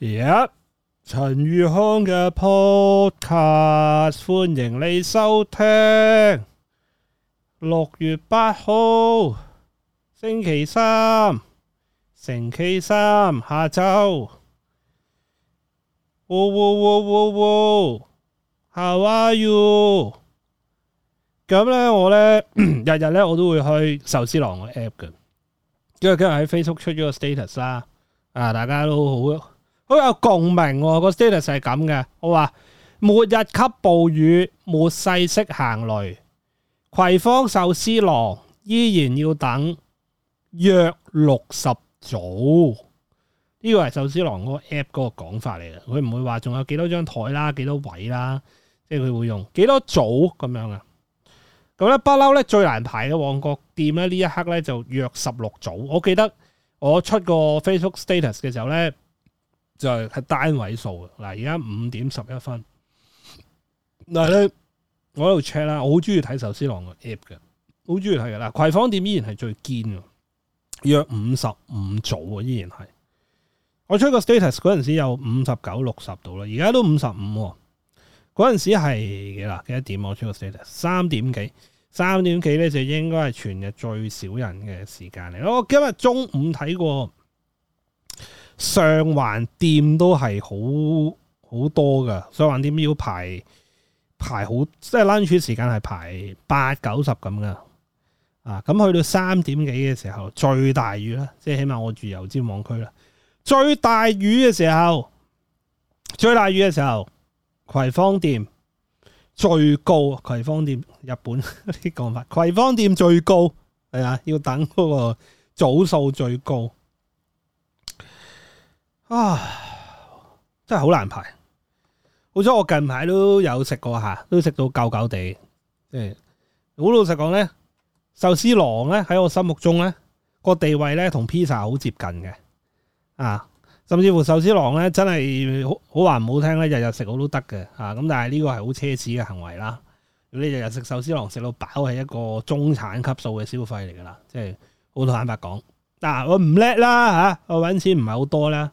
Yep，陳宇康嘅 Podcast，歡迎你收聽。六月八號星期三，星期三下晝、哦哦哦哦。How are you？咁咧，我咧日日咧，我都會去壽司郎嘅 App 嘅，因為今日喺 Facebook 出咗個 status 啦，啊，大家都好。都有共鳴喎，個 status 係咁嘅。我話末日級暴雨，末世式行雷，葵芳壽司郎依然要等約六十組。呢個係壽司郎嗰個 app 嗰個講法嚟嘅，佢唔會話仲有幾多張台啦，幾多位啦，即係佢會用幾多組咁樣嘅。咁咧不嬲咧，最難排嘅旺角店咧，呢一刻咧就約十六組。我記得我出過 Facebook status 嘅時候咧，就係單位數啊！嗱，而家五點十一分。嗱咧，我喺度 check 啦，我好中意睇壽司郎嘅 app 嘅，好中意睇㗎啦。葵芳店依然係最堅嘅，約五十五組啊，依然係。我出個 status 嗰陣時有五十九、六十度啦，而家都五十五。嗰陣時係幾啦？幾多點？我出個 status，三點幾，三點幾咧就應該係全日最少人嘅時間嚟咯。我今日中午睇過。上環店都係好好多噶，上環店要排排好，即係 lunch 時間係排八九十咁噶，啊咁去到三點幾嘅時候最大雨啦，即係起碼我住油尖旺區啦，最大雨嘅時候，最大雨嘅時候，最大雨的時候葵芳店最高，葵芳店日本啲講法，葵芳店最高係啊，要等嗰個組數最高。啊，真係好難排。好彩我近排都有食過吓，都食到夠夠地。即係好老實講咧，壽司郎咧喺我心目中咧個地位咧同披薩好接近嘅。啊，甚至乎壽司郎咧真係好好話唔好聽咧，日日食我都得嘅。咁、啊、但係呢個係好奢侈嘅行為啦。你日日食壽司郎食到飽係一個中產級數嘅消費嚟噶啦，即係好坦白講。嗱、啊，我唔叻啦吓，我搵錢唔係好多啦。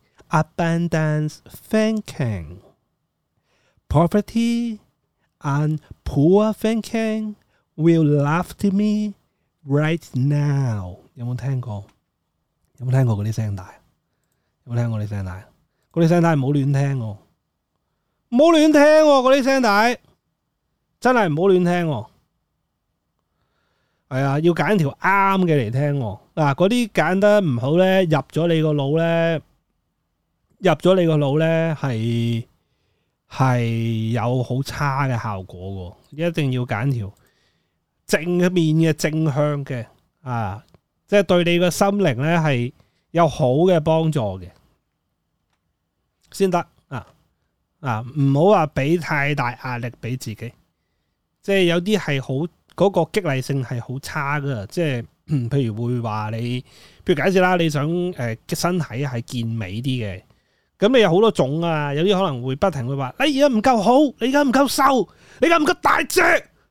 Abundance thinking, poverty, and poor thinking will laugh to me right now。有冇聽過？有冇聽過嗰啲聲帶？有冇聽過啲聲帶？嗰啲聲帶唔好亂聽，唔好亂聽哦，嗰啲聲帶真係唔好亂聽哦。係啊、哦哎，要揀條啱嘅嚟聽，哦。嗱，嗰啲揀得唔好咧，入咗你個腦咧。入咗你個腦咧，係係有好差嘅效果喎。一定要揀條正面嘅正向嘅啊！即係對你個心靈咧係有好嘅幫助嘅，先得啊啊！唔好話俾太大壓力俾自己，即係有啲係好嗰個激勵性係好差嘅，即係譬如會話你，譬如假設啦，你想誒、呃、身體係健美啲嘅。咁咪有好多種啊！有啲可能會不停會話：你而家唔夠好，你而家唔夠瘦，你而家唔夠大隻，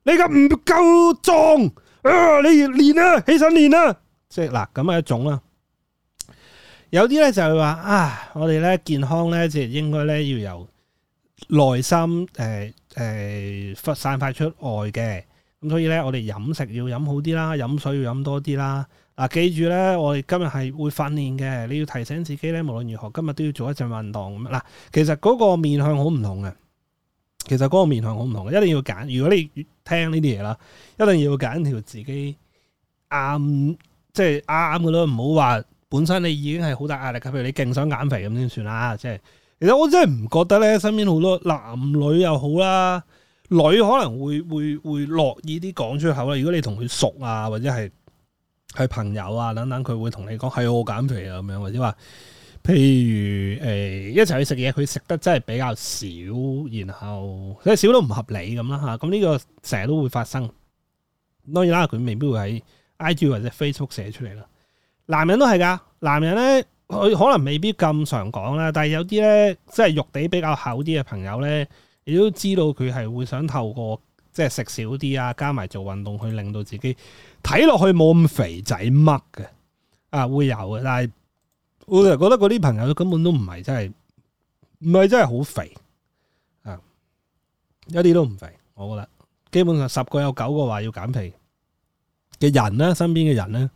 你而家唔夠壯啊、呃！你要練啊，起身練啊，即係嗱，咁係一種啦、啊。有啲咧就係話啊，我哋咧健康咧即係應該咧要由內心誒誒、呃呃、散發出外嘅。咁所以咧，我哋飲食要飲好啲啦，飲水要飲多啲啦。嗱，記住咧，我哋今日係會訓練嘅，你要提醒自己咧，無論如何，今日都要做一陣運動咁。嗱，其實嗰個面向好唔同嘅，其實嗰個面向好唔同嘅，一定要揀。如果你聽呢啲嘢啦，一定要揀條自己啱，即係啱嘅咯。唔好話本身你已經係好大壓力，譬如你勁想減肥咁先算啦。即係，其實我真係唔覺得咧，身邊好多男女又好啦，女可能會會會會樂意啲講出口啦。如果你同佢熟啊，或者係。係朋友啊，等等，佢會同你講係我減肥啊咁樣，或者話譬如、欸、一齊去食嘢，佢食得真係比較少，然後即係、就是、少到唔合理咁啦吓。咁呢個成日都會發生。當然啦，佢未必會喺 IG 或者 Facebook 寫出嚟啦。男人都係噶，男人呢，佢可能未必咁常講啦，但係有啲呢，即係肉地比較厚啲嘅朋友呢，亦都知道佢係會想透過。即係食少啲啊，加埋做運動，去令到自己睇落去冇咁肥仔乜嘅啊，會有嘅。但係我覺得嗰啲朋友根本都唔係真係，唔係真係好肥啊，一啲都唔肥。我覺得基本上十個有九個話要減肥嘅人咧，身邊嘅人咧，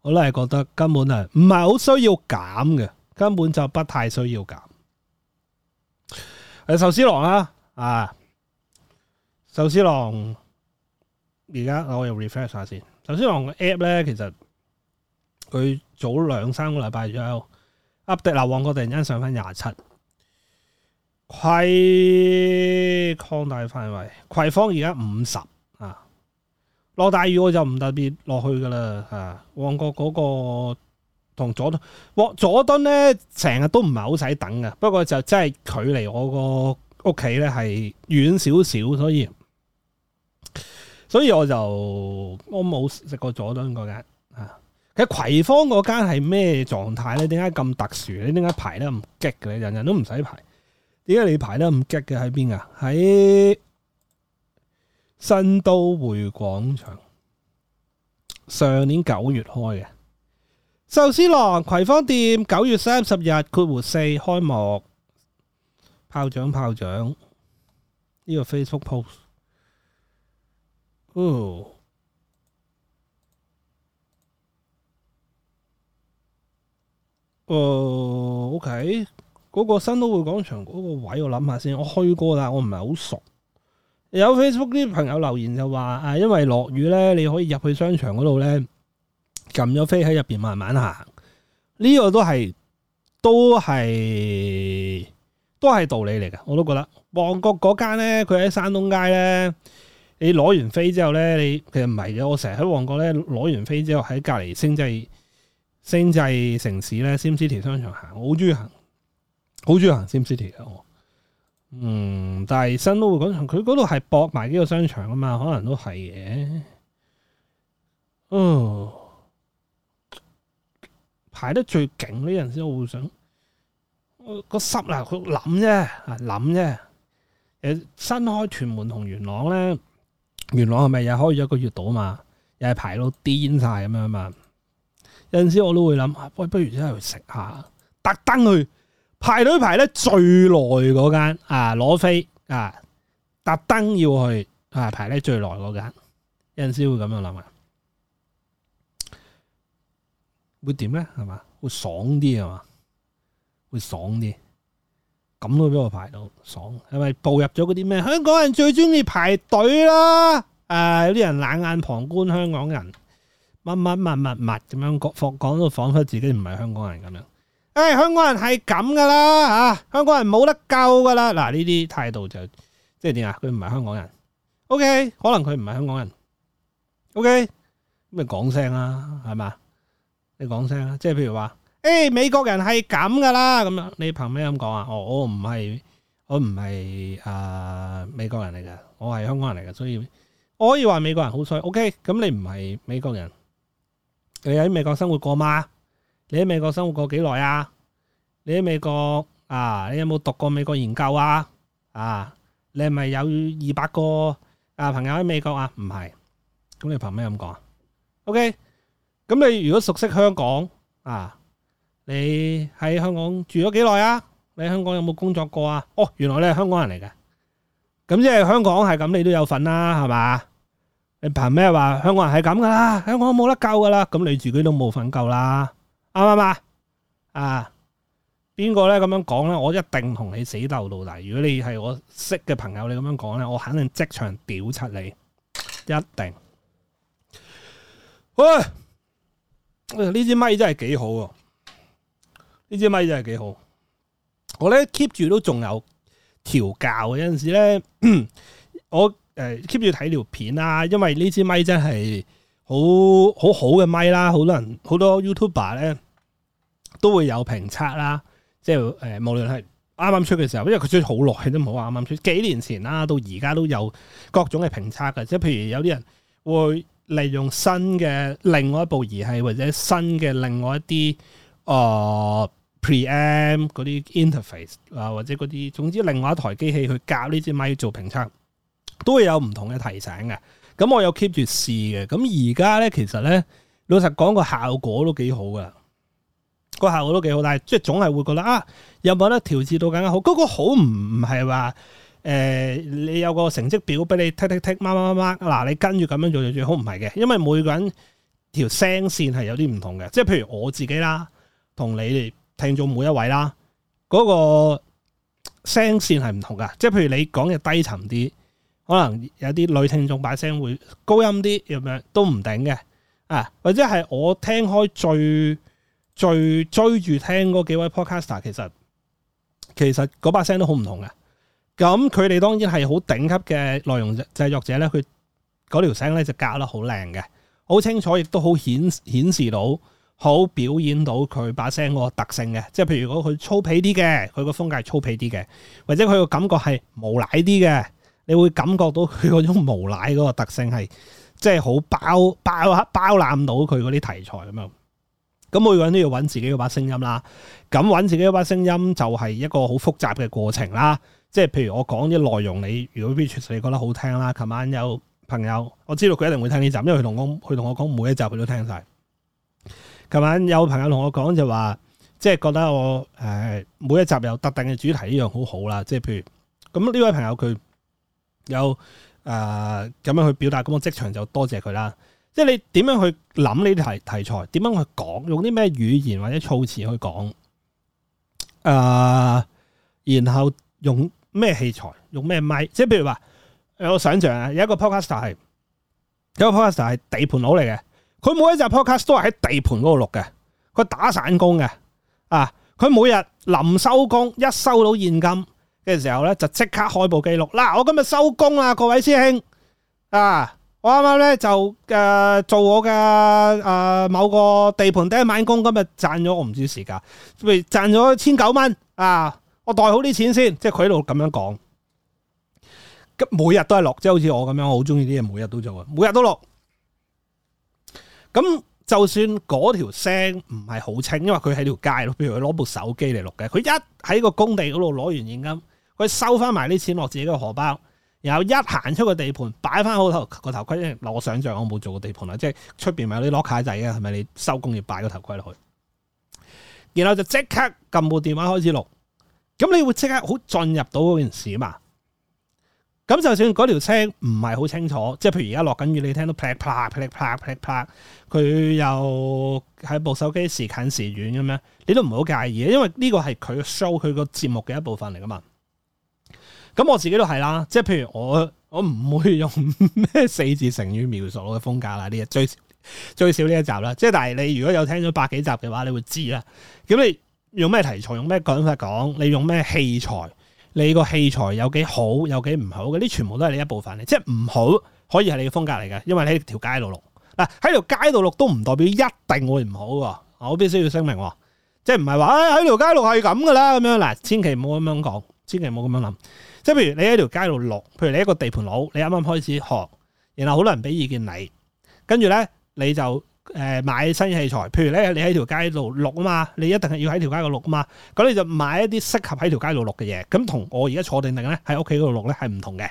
我都係覺得根本係唔係好需要減嘅，根本就不太需要減。係、啊、壽司郎啊，啊！壽司郎而家我又 refresh 下先，壽司郎嘅 app 咧，其實佢早兩三個禮拜就 update 啦。旺角突然間上翻廿七，葵擴大範圍，葵芳而家五十啊。落大雨我就唔特別落去噶啦吓。旺角嗰個同佐敦，佐敦咧成日都唔係好使等噶，不過就真係距離我個屋企咧係遠少少，所以。所以我就我冇食過佐敦嗰間，啊、其實葵芳嗰間係咩狀態咧？點解咁特殊？你點解排得咁激嘅？人人都唔使排，點解你排得咁激嘅？喺邊啊？喺新都會廣場，上年九月開嘅壽司郎葵芳店，九月三十日括弧四開幕，炮仗、炮仗，呢、這個 Facebook post。哦哦，OK，嗰個新都會廣場嗰個位我諗下先，我去過但我唔係好熟。有 Facebook 啲朋友留言就話啊，因為落雨呢，你可以入去商場嗰度呢，撳咗飛喺入邊慢慢行。呢個都係都係都係道理嚟嘅，我都覺得旺角嗰間呢，佢喺山東街呢。你攞完飛之後咧，你其實唔係嘅。我成日喺旺角咧攞完飛之後，喺隔離星際星際城市咧，Sim City 商場行，好鍾意行，好鍾意行 Sim City 嘅我。嗯，但係新都會廣場，佢嗰度係駁埋幾個商場㗎嘛，可能都係嘅。嗯、呃，排得最勁呢？陣時我會想，個、呃、個濕啦，佢諗啫，諗啫。誒，新開屯門同元朗咧，元朗係咪又開咗一個月度嘛？又係排到癲晒咁樣嘛？有陣時我都會諗，喂，不如真係去食下，特登去排隊排咧最耐嗰間啊，攞飛啊，特登要去，啊，去啊，排咧最耐嗰間，有陣時會咁樣諗啊，會點咧？係嘛，會爽啲啊嘛，會爽啲。咁都俾我排到爽，係咪步入咗嗰啲咩？香港人最中意排隊啦、啊，誒、呃，有啲人冷眼旁觀香港人，乜乜乜乜乜咁樣講，講到仿佛自己唔係香港人咁樣。誒、哎，香港人係咁噶啦，吓、啊，香港人冇得救噶啦。嗱、啊，呢啲態度就即係點啊？佢唔係香港人，OK，可能佢唔係香港人，OK，咁咪講聲啦，係嘛、啊？你講聲啦，即係譬如話。誒、哎，美國人係咁噶啦，咁樣你憑咩咁講啊？我我唔係我唔係誒美國人嚟噶，我係香港人嚟噶，所以我可以話美國人好衰。OK，咁你唔係美國人，你喺美國生活過嗎？你喺美國生活過幾耐啊？你喺美國啊？你有冇讀過美國研究啊？啊，你係咪有二百個誒、呃、朋友喺美國啊？唔係，咁你憑咩咁講啊？OK，咁你如果熟悉香港啊？你喺喺香港住咗幾耐啊？你喺香港有冇工作過啊？哦，原來你係香港人嚟嘅，咁即係香港係咁，你都有份啦、啊，係嘛？你憑咩話香港人係咁噶啦？香港冇得救噶啦，咁你自己都冇份救啦，啱唔啱啊？啊，邊個咧咁樣講咧？我一定同你死鬥到底。如果你係我識嘅朋友，你咁樣講咧，我肯定即場屌柒你，一定。喂，呢支咪真係幾好啊！呢支咪真係幾好，我咧 keep 住都仲有調教嘅。有陣時咧，我誒 keep 住睇條片啦，因為呢支咪真係好好好嘅咪啦，好多人好多 YouTuber 咧都會有評測啦，即係誒、呃，無論係啱啱出嘅時候，因為佢出好耐都唔好話啱啱出，幾年前啦到而家都有各種嘅評測嘅，即係譬如有啲人會利用新嘅另外一部儀器或者新嘅另外一啲誒。呃 preamp 嗰啲 interface 啊，或者嗰啲，總之另外一台機器去教呢支咪做評測，都會有唔同嘅提醒嘅。咁我有 keep 住試嘅。咁而家咧，其實咧老實講個效果都幾好噶，個效果都幾好。但係即係總係會覺得啊，有冇得調節到更加好？嗰個好唔係話誒，你有個成績表俾你 tick tick tick mark mark mark 嗱，你跟住咁樣做就最好唔係嘅，因為每個人條聲線係有啲唔同嘅。即係譬如我自己啦，同你哋。聽眾每一位啦，嗰個聲線係唔同噶，即係譬如你講嘅低沉啲，可能有啲女聽眾把聲會高音啲咁樣，都唔頂嘅啊。或者係我聽開最最追住聽嗰幾位 Podcaster，其實其實嗰把聲都好唔同嘅。咁佢哋當然係好頂級嘅內容製作者咧，佢嗰條聲咧就夾得好靚嘅，好清楚，亦都好顯顯示到。好表演到佢把聲嗰個特性嘅，即係譬如講佢粗鄙啲嘅，佢個風格係粗鄙啲嘅，或者佢個感覺係無賴啲嘅，你會感覺到佢嗰種無賴嗰個特性係即係好包包包攬到佢嗰啲題材咁樣。咁每個人都要揾自己嗰把聲音啦。咁揾自己嗰把聲音就係一個好複雜嘅過程啦。即係譬如我講啲內容你，你如果邊處你覺得好聽啦。琴晚有朋友，我知道佢一定會聽呢集，因為佢同我佢同我講每一集佢都聽晒。琴晚有朋友同我講就話，即係覺得我誒每一集有特定嘅主題呢樣好好啦，即係譬如咁呢位朋友佢有誒咁樣去表達，咁我職場就多謝佢啦。即係你點樣去諗呢啲題題材，點樣去講，用啲咩語言或者措辭去講，誒、呃，然後用咩器材，用咩咪？即係譬如話，有我想象啊，有一個 podcaster 係，有一個 podcaster 係地盤佬嚟嘅。佢每一集 podcast 都係喺地盤嗰度錄嘅，佢打散工嘅，啊，佢每日臨收工一收到現金嘅時候咧，就即刻開部記錄。嗱、啊，我今日收工啦，各位師兄啊，我啱啱咧就誒、呃、做我嘅誒、呃、某個地盤第一晚工，今日賺咗我唔少時間，譬如賺咗千九蚊啊，我袋好啲錢先，即係佢喺度咁樣講，咁每日都係錄，即、就、係、是、好似我咁樣，我好中意啲嘢，每日都做啊，每日都錄。咁就算嗰條聲唔係好清，因為佢喺條街咯。譬如佢攞部手機嚟錄嘅，佢一喺個工地嗰度攞完現金，佢收翻埋啲錢落自己個荷包，然後一行出個地盤，擺翻好頭個頭盔。即係我想象，我冇做過個地盤啊，即係出面咪有啲攞卡仔嘅，係咪你收工要擺個頭盔落去？然後就即刻撳部電話開始錄，咁你會即刻好進入到嗰件事嘛？咁就算嗰條聲唔係好清楚，即係譬如而家落緊雨，你聽到啪啪啪啪啪啪，啪，啪，啪，佢又喺部手機時近時遠咁樣，你都唔好介意，因為呢個係佢 show 佢個節目嘅一部分嚟噶嘛。咁我自己都係啦，即係譬如我我唔會用咩四字成語描述我嘅風格啦，呢一最最少呢一集啦。即係但係你如果有聽咗百幾集嘅話，你會知啦。咁你用咩題材，用咩講法講，你用咩器材？你個器材有幾好有幾唔好嘅，啲全部都係你一部分，即係唔好可以係你嘅風格嚟嘅，因為你喺條街度錄，嗱喺條街度錄都唔代表一定會唔好喎，我必須要聲明喎，即係唔係話喺條街度係咁㗎啦咁樣，嗱千祈唔好咁樣講，千祈唔好咁樣諗，即係譬如你喺條街度錄，譬如你一個地盤佬，你啱啱開始學，然後好多人俾意見你，跟住咧你就。誒買新嘅器材，譬如咧你喺條街度錄啊嘛，你一定係要喺條街度錄啊嘛，咁你就買一啲適合喺條街度錄嘅嘢，咁同我而家坐定定咧喺屋企度錄咧係唔同嘅。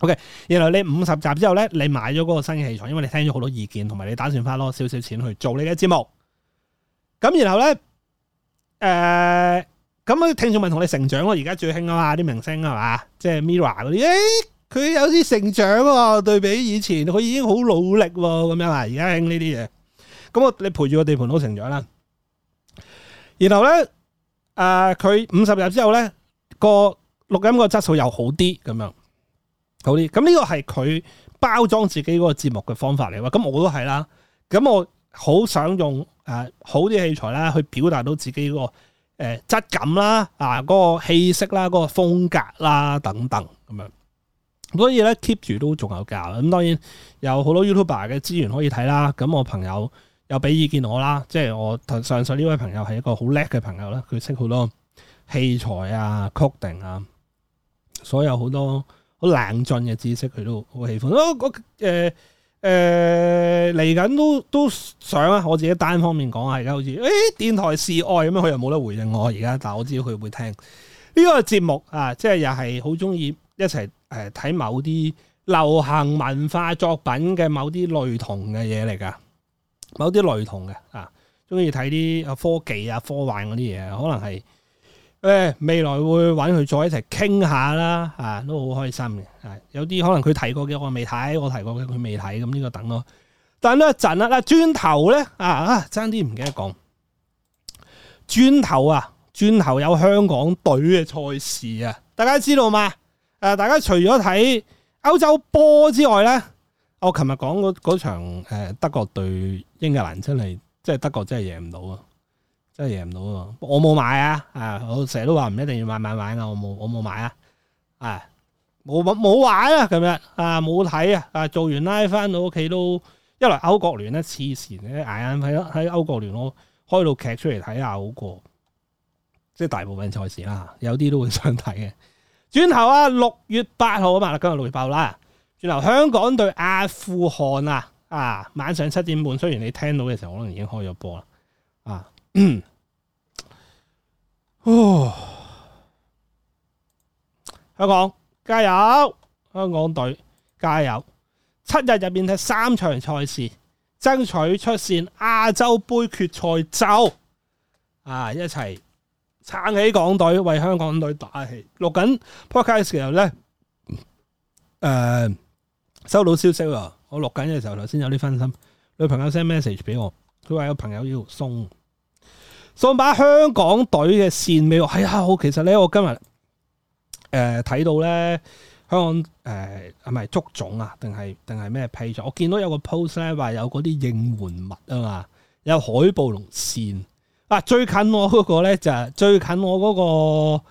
OK，然後你五十集之後咧，你買咗嗰個新嘅器材，因為你聽咗好多意見，同埋你打算花多少少錢去做你嘅節目，咁然後咧誒，咁、呃、啲聽眾問同你成長，我而家最興啊嘛，啲明星係嘛，即、就、係、是、Mirror 嗰啲。佢有啲成長喎、哦，對比以前，佢已經好努力喎、哦，咁樣啊！而家興呢啲嘢，咁我你陪住個地盤好成長啦。然後咧，誒佢五十日之後咧，個錄音個質素又好啲，咁樣好啲。咁呢個係佢包裝自己嗰個節目嘅方法嚟喎。咁我都係啦。咁我好想用、呃、好啲器材啦，去表達到自己、個誒、呃、質感啦、啊嗰、個氣息啦、嗰、個風格啦等等咁樣。所以咧 keep 住都仲有教，咁當然有好多 YouTuber 嘅資源可以睇啦。咁我朋友又俾意見我啦，即係我上述呢位朋友係一個好叻嘅朋友啦。佢識好多器材啊、曲定啊，所有好多好冷峻嘅知識佢都好喜歡咯。誒誒嚟緊都都想啊！我自己單方面講啊，而家好似誒、欸、電台示愛咁樣，佢又冇得回應我而家，但係我知道佢會聽呢、這個節目啊，即係又係好中意一齊。誒，睇某啲流行文化作品嘅某啲類同嘅嘢，嚟㗎，某啲類同嘅啊，鍾意睇啲啊科技啊科幻嗰啲嘢，可能係誒、哎、未來會揾佢再一齊傾下啦，啊都好開心嘅，啊有啲可能佢睇過嘅我未睇，我睇過嘅佢未睇，咁呢個等咯。但係呢一陣啦，啊轉頭咧啊啊，爭啲唔記得講轉頭啊，轉頭有香港隊嘅賽事啊，大家知道嗎？誒、呃，大家除咗睇歐洲波之外咧，我琴日講嗰嗰場誒、呃、德國對英格蘭真係，即係德國真係贏唔到啊，真係贏唔到啊！我冇買啊，啊，我成日都話唔一定要買買買啊。我冇我冇買啊，啊，冇冇玩啊，咁樣啊，冇睇啊，啊，做完 live 翻到屋企都，一來歐國聯咧黐線咧，唉，喺喺歐國聯我開到劇出嚟睇下好過，即係大部分賽事啦，有啲都會想睇嘅。轉頭啊，六月八號啊嘛，今日六月八號啦。轉頭香港對阿富汗啊，啊，晚上七點半，雖然你聽到嘅時候，可能已經開咗波啦，啊，哇、嗯！香港加油，香港隊加油！七日入面睇三場賽事，爭取出線亞洲杯決賽周，啊，一齊。撐起港隊，為香港隊打氣。錄緊 Podcast 嘅時候咧，誒、呃，收到消息啊！我錄緊嘅時候，頭先有啲分心，女朋友 send message 俾我，佢話有朋友要送送把香港隊嘅扇俾、哎、我。係啊，好其實咧，我今日誒睇到咧，香港誒係咪足總啊？定係定係咩批咗？我見到有個 post 咧，話有嗰啲應援物啊嘛，有海報同扇。啊！最近我嗰、那個咧就是、最近我嗰個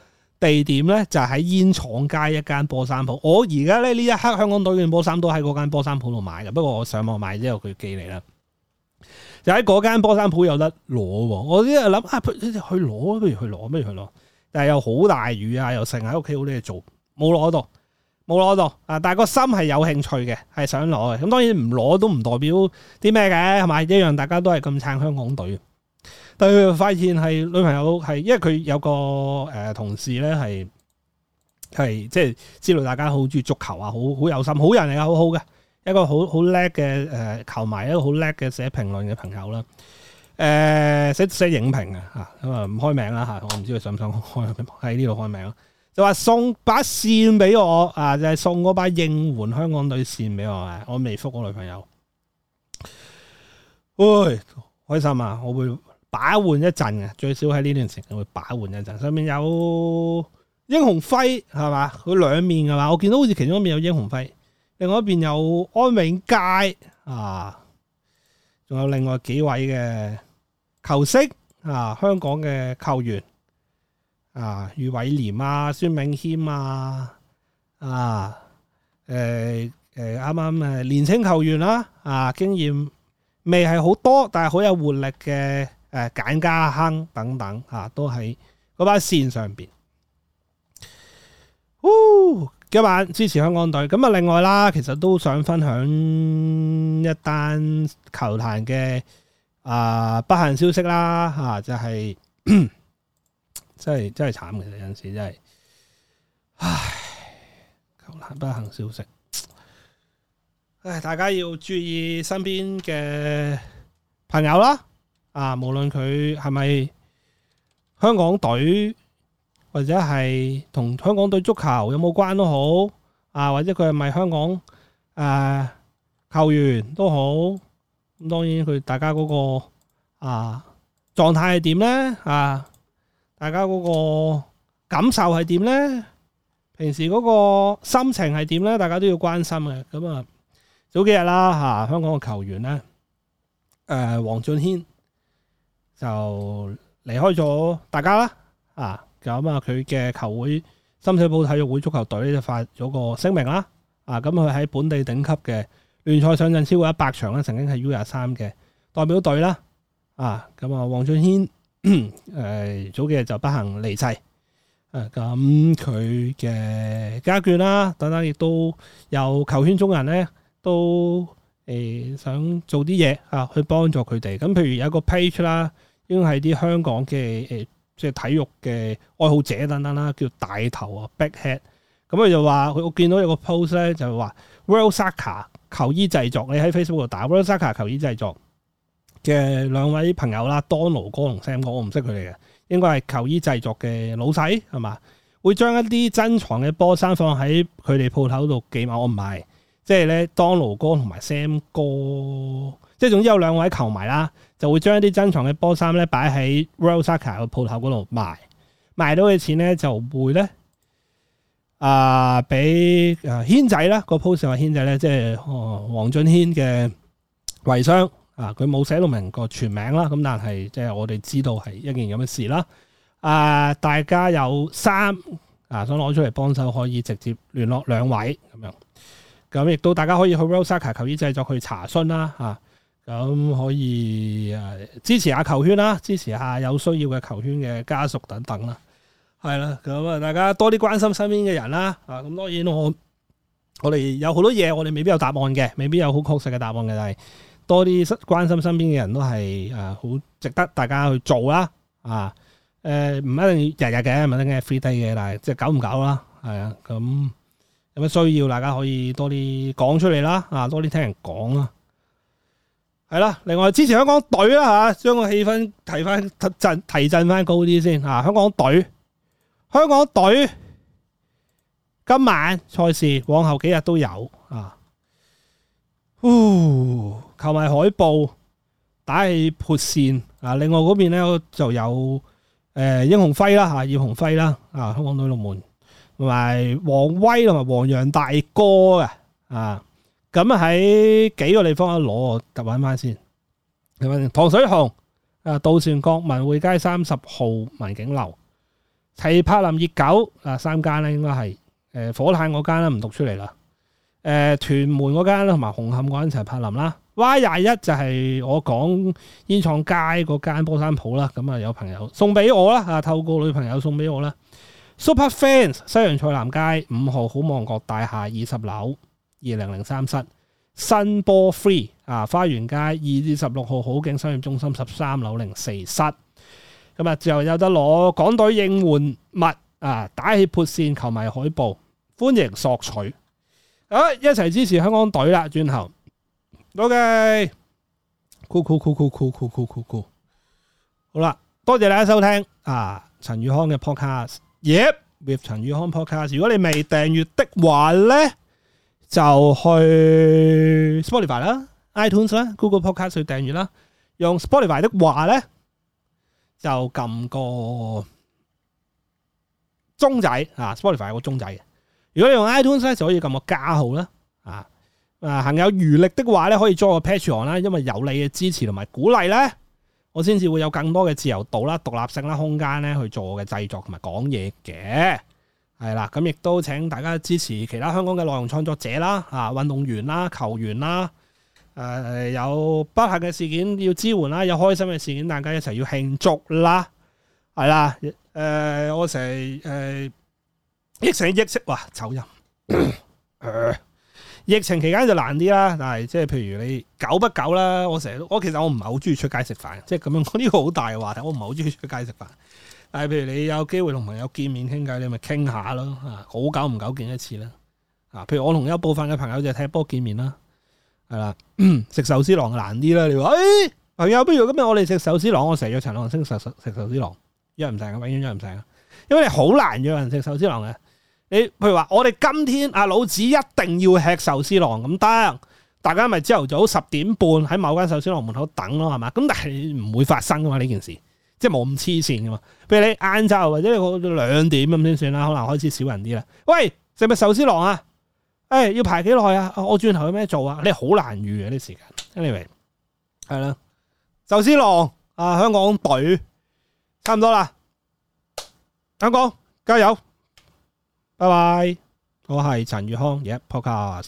地點咧就喺、是、煙廠街一間波衫鋪。我而家咧呢一刻香港隊嘅波衫都喺嗰間波衫鋪度買嘅。不過我上網買，之後佢寄嚟啦。就喺嗰間波衫鋪有得攞喎。我呢度諗啊去攞不如去攞，不如去攞。但係又好大雨啊，又成日喺屋企好多嘢做，冇攞到，冇攞到啊！但係個心係有興趣嘅，係想攞嘅。咁當然唔攞都唔代表啲咩嘅，係咪一樣？大家都係咁撐香港隊。但佢發現係女朋友係，因為佢有個誒、呃、同事咧，係係即係知道大家好中意足球啊，好人好好有心好人嚟噶，好好嘅一個好好叻嘅誒球迷，一個好叻嘅寫評論嘅朋友啦。誒、呃、寫寫影評啊嚇咁啊唔開名啦嚇、啊，我唔知佢想唔想開喺呢度開名就話送把扇俾我啊，就係、是、送嗰把應援香港隊扇俾我啊，我未覆我女朋友。喂，開心啊！我會。擺換一陣嘅，最少喺呢段時間會擺換一陣。上面有英雄輝係嘛，佢兩面係嘛。我見到好似其中一面有英雄輝，另外一邊有安永佳啊，仲有另外幾位嘅球星啊，香港嘅球、啊啊啊啊呃呃、球員啊，余偉廉啊，孫銘謙啊，啊，誒誒，啱啱誒，年輕球員啦，啊，經驗未係好多，但係好有活力嘅。誒、啊，簡家坑等等吓、啊，都喺嗰把線上邊、哦。今晚支持香港隊。咁啊，另外啦，其實都想分享一單球壇嘅啊不幸消息啦吓，就係、是、真係真係慘嘅，有陣時真係，唉，球壇不幸消息。唉，大家要注意身邊嘅朋友啦。啊，無論佢係咪香港隊，或者係同香港隊足球有冇關都好，啊，或者佢係咪香港誒球員都好，咁當然佢大家嗰個啊狀態係點咧？啊，大家嗰個感受係點咧？平時嗰個心情係點咧？大家都要關心嘅。咁啊，早幾日啦嚇，香港嘅球員咧，誒黃俊軒，就離開咗大家啦，啊，咁啊佢嘅球會深水埗體育會足球隊就發咗個聲明啦，啊，咁佢喺本地頂級嘅聯賽上陣超過一百場，曾經係 U 廿三嘅代表隊啦，啊，咁啊黃俊軒、啊、早幾日就不幸離世，咁佢嘅家眷啦、啊、等等亦都有球圈中人咧都、欸、想做啲嘢、啊、去幫助佢哋，咁譬如有一個 page 啦。應該係啲香港嘅誒、呃，即係體育嘅愛好者等等啦，叫大頭啊 Backhead 咁佢就話，佢我見到有個 post 咧，就係話 World Soccer 球衣製作，你喺 Facebook 度打 World Soccer 球衣製作嘅兩位朋友啦，Donald 哥同 Sam 哥，我唔識佢哋嘅，應該係球衣製作嘅老細係嘛？會將一啲珍藏嘅波衫放喺佢哋鋪頭度寄賣，我唔買。即係咧，Donald 哥同埋 Sam 哥。即係總之有兩位球迷啦，就會將一啲珍藏嘅波衫咧，擺喺 World Soccer 嘅鋪頭嗰度賣，賣到嘅錢咧就會咧啊俾啊軒仔啦，個 post 話軒仔咧即係黃俊軒嘅遺孀啊，佢冇寫到明個全名啦，咁但係即係我哋知道係一件咁嘅事啦。啊，大家有衫啊想攞出嚟幫手，可以直接聯絡兩位咁樣。咁亦都大家可以去 World Soccer 球衣製作去查詢啦，吓、啊。咁可以啊，支持下球圈啦，支持下有需要嘅球圈嘅家屬等等啦，係啦，咁啊，大家多啲關心身邊嘅人啦，啊，咁當然我我哋有好多嘢，我哋未必有答案嘅，未必有好確實嘅答案嘅，但係多啲關關心身邊嘅人都係啊，好值得大家去做啦，啊，誒，唔一定要日日嘅，唔一定係 free day 嘅，但係即係久唔久啦，係啊，咁有咩需要，大家可以多啲講出嚟啦，啊，多啲聽人講啦。係啦，另外支持香港隊啦吓，將個氣氛提翻振提振翻高啲先吓。香港隊，香港隊今晚賽事，往後幾日都有啊。呼，球迷海報打氣潑扇啊！另外嗰邊咧就有誒、呃，英雄輝啦吓，葉、啊、鴻輝啦啊，香港隊龍門同埋黃威同埋黃洋大哥啊。咁喺幾個地方一攞，揼揾翻先看看，揾翻糖水行，啊，渡船角文匯街三十號文景樓，齊柏林熱狗啊，三間咧應該係，誒，火炭嗰間啦，唔讀出嚟啦，誒，屯門嗰間啦，同埋紅磡嗰間齊柏林啦，Y 廿一就係我講煙廠街嗰間波山鋪啦，咁啊有朋友送俾我啦，啊，透過女朋友送俾我啦，Super Fans 西洋菜南街五號好望角大廈二十樓。二零零三室，新波 free 啊，花園街二至十六號好景商業中心十三樓零四室，咁啊就有得攞港隊應援物啊，打氣潑線球迷海報，歡迎索取，好、啊、一齊支持香港隊啦！轉頭，OK，酷酷酷酷 o 酷酷酷 o 好啦，多謝大家收聽啊，陳宇康嘅 podcast，p、yep, with 陳宇康 podcast，如果你未訂閱的話咧。就去 Spotify 啦、iTunes 啦、Google Podcast 去訂閱啦。用 Spotify 的話咧，就撳個鐘仔啊，Spotify 有個鐘仔嘅。如果你用 iTunes 咧，就可以撳個加號啦。啊，行有餘力的話咧，可以 join 個 Patreon 啦。因為有你嘅支持同埋鼓勵咧，我先至會有更多嘅自由度啦、獨立性啦、空間咧去做我嘅製作同埋講嘢嘅。係啦，咁亦都請大家支持其他香港嘅內容創作者啦，啊運動員啦、球員啦、呃，有不幸嘅事件要支援啦，有開心嘅事件大家一齊要慶祝啦，係啦、呃，我成日、呃，疫情意識哇，醜音、 呃，疫情期間就難啲啦，但係即係譬如你久不久啦，我成日我其實我唔係好中意出街食飯，即係咁樣，呢、這個好大嘅話題，我唔係好中意出街食飯。但係，譬如你有機會同朋友見面傾偈，你咪傾下咯嚇。好久唔久見一次啦。啊，譬如我同一部分嘅朋友就踢波見面啦，係啦。 食壽司郎難啲啦。你話，哎，朋友，不如今日我哋食壽司郎。我成日約陳朗升食食食壽司郎，約唔成，永遠約唔成嘅，因為你好難約人食壽司郎嘅。你譬如話，我哋今天阿老子一定要吃壽司郎咁得，大家咪朝頭早十點半喺某間壽司郎門口等咯，係嘛？咁但係唔會發生㗎嘛呢件事。即係冇咁黐線噶嘛，譬如你晏晝或者你個兩點咁先算啦，可能開始少人啲啦。喂，食唔食壽司郎啊？誒、哎，要排幾耐啊？我轉頭有咩做啊？你好難預啊啲時間。Anyway，係啦，壽司郎啊，香港隊差唔多啦。香港加油，拜拜。我係陳宇康，yep、yeah, Podcast。